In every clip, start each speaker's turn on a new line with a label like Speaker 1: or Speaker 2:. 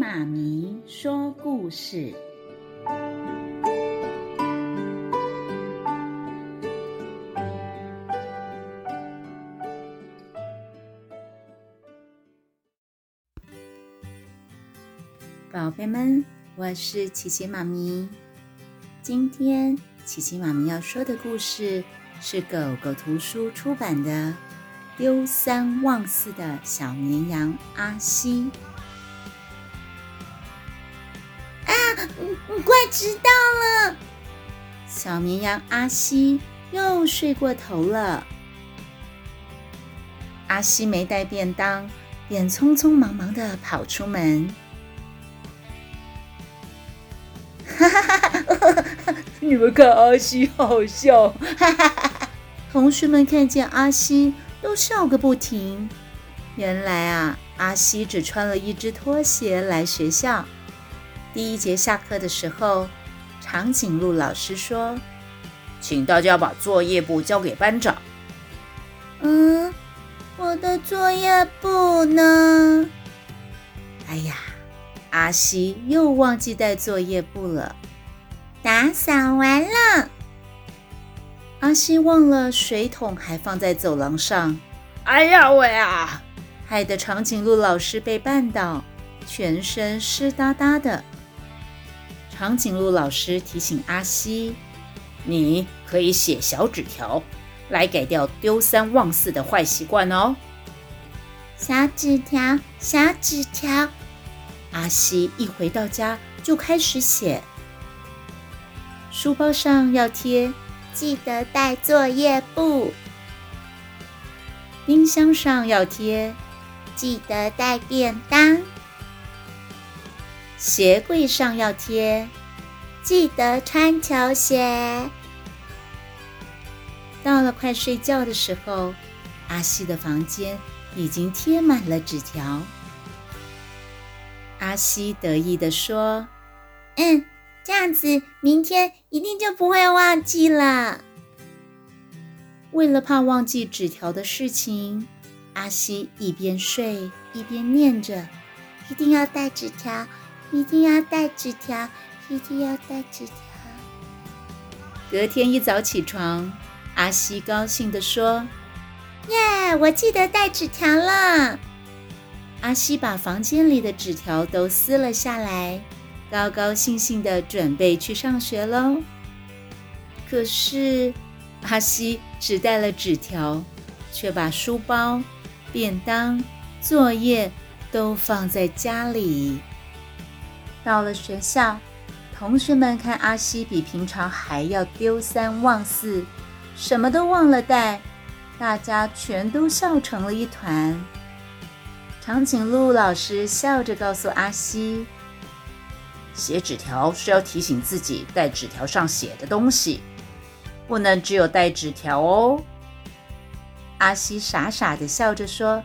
Speaker 1: 媽咪說故事，寶貝們，我是琪琪媽咪。今天琪琪媽咪要說的故事是狗狗圖書出版的《丟三忘四的小綿羊阿西》。快遲到了！小綿羊阿西又睡過頭了。阿西沒帶便當，便匆匆忙忙的跑出門。哈哈哈哈哈！你們看阿西好笑，哈哈哈哈！同學們看見阿西都笑個不停。原來啊，阿西只穿了一隻拖鞋來學校。第一節下課的時候，長頸鹿老師說：“請大家把作業簿交給班長。”“嗯，我的作業簿呢？”“哎呀，阿西又忘記帶作業簿了。”“打掃完了。”阿西忘了水桶還放在走廊上。“哎呀喂啊！”害得長頸鹿老師被絆倒，全身濕噠噠的。長頸鹿老師提醒阿西：“你可以寫小紙條來改掉丟三忘四的壞習慣哦。”小紙條，小紙條。阿西一回到家就開始寫。書包上要貼“記得帶作業簿”，冰箱上要貼“記得帶便當”，鞋櫃上要貼。記得穿球鞋。到了快睡覺的時候，阿西的房間已經貼滿了紙條。阿西得意的說：“嗯，這樣子明天一定就不會忘記了。”為了怕忘記紙條的事情，阿西一邊睡一邊念着：“一定要帶紙條，一定要帶紙條。”一定要帶紙條。隔天一早起床，阿西高興地說：“耶，我記得帶紙條了。”阿西把房間裡的紙條都撕了下來，高高興興的準備去上學嘍。可是，阿西只帶了紙條，卻把書包、便當、作業都放在家裡。到了學校。同學們看阿西比平常還要丟三忘四，什麼都忘了帶，大家全都笑成了一團。長頸鹿老師笑着告訴阿西：“寫紙條是要提醒自己帶紙條上寫的東西，不能只有帶紙條哦。”阿西傻傻的笑着說：“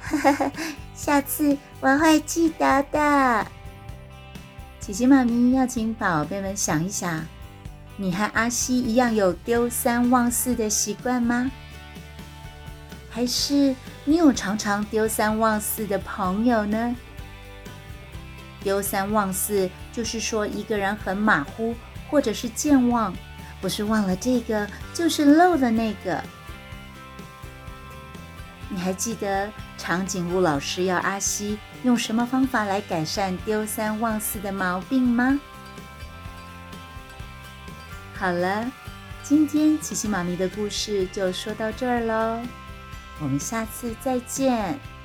Speaker 1: 哈哈哈，下次我會記得的。”姐姐媽咪要請寶貝們想一想，你和阿西一樣有丟三忘四的習慣嗎？還是你有常常丟三忘四的朋友呢？丟三忘四就是說一個人很馬虎，或者是健忘，不是忘了這個，就是漏了那個。你還記得長頸鹿老師要阿西用什麼方法來改善丟三忘四的毛病嗎？好了，今天琪琪媽咪的故事就說到這兒嘍，我們下次再見。